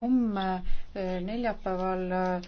homme äh, neljapäeval äh,